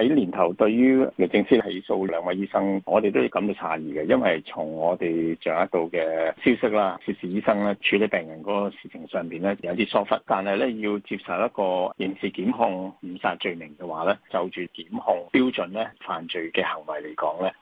喺年頭，對於律政司起訴兩位醫生，我哋都要感到詫異嘅，因為從我哋上一度嘅消息啦，涉事醫生咧處理病人嗰個事情上邊咧有啲疏忽，但係咧要接受一個刑事檢控誤殺罪名嘅話咧，就住檢控標準咧犯罪嘅行為嚟講咧。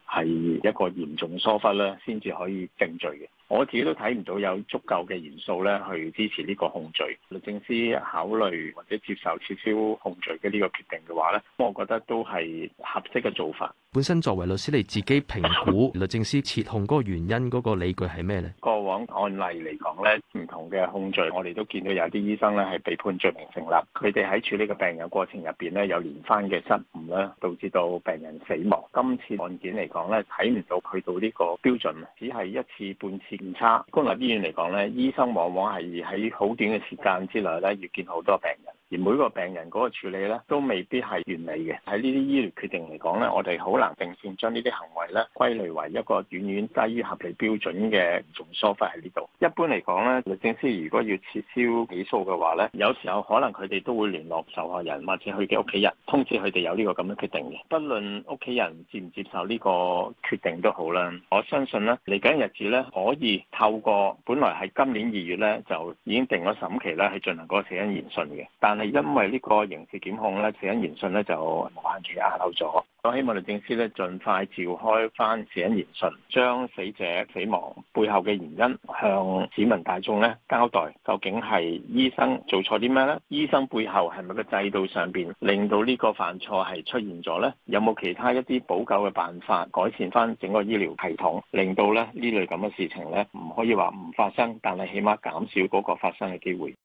一個嚴重疏忽咧，先至可以定罪嘅。我自己都睇唔到有足夠嘅元素咧，去支持呢個控罪。律政司考慮或者接受撤銷控罪嘅呢個決定嘅話咧，我覺得都係合適嘅做法。 本身作為律師，你自己評估律政司撤控嗰個原因嗰個理據係咩咧？往案例嚟講咧，唔同嘅控罪，我哋都見到有啲醫生咧係被判罪名成立。佢哋喺處理個病人過程入邊咧，有連番嘅失誤啦，導致到病人死亡。今次案件嚟講咧，睇唔到佢到呢個標準，只係一次半次誤差。公立醫院嚟講咧，醫生往往係喺好短嘅時間之內咧，遇見好多病人。而每個病人嗰個處理咧，都未必係完美嘅。喺呢啲醫療決定嚟講咧，我哋好難定性將呢啲行為咧歸類為一個遠遠低於合理標準嘅重疏忽喺呢度。一般嚟講咧，律政司如果要撤銷起訴嘅話咧，有時候可能佢哋都會聯絡受害人或者佢嘅屋企人通知佢哋有呢個咁嘅決定嘅。不論屋企人接唔接受呢個決定都好啦，我相信咧嚟緊日子咧可以透過本來係今年二月咧就已經定咗審期咧去進行嗰個死因研訊嘅，但但係因為呢個刑事檢控咧，死因研訊咧就無限期押漏咗。我希望律政司咧盡快召開返死因研訊，將死者死亡背後嘅原因向市民大眾咧交代，究竟係醫生做錯啲咩咧？醫生背後係咪個制度上邊令到呢個犯錯係出現咗咧？有冇其他一啲補救嘅辦法改善返整個醫療系統，令到咧呢呢類咁嘅事情咧唔可以話唔發生，但係起碼減少嗰個發生嘅機會。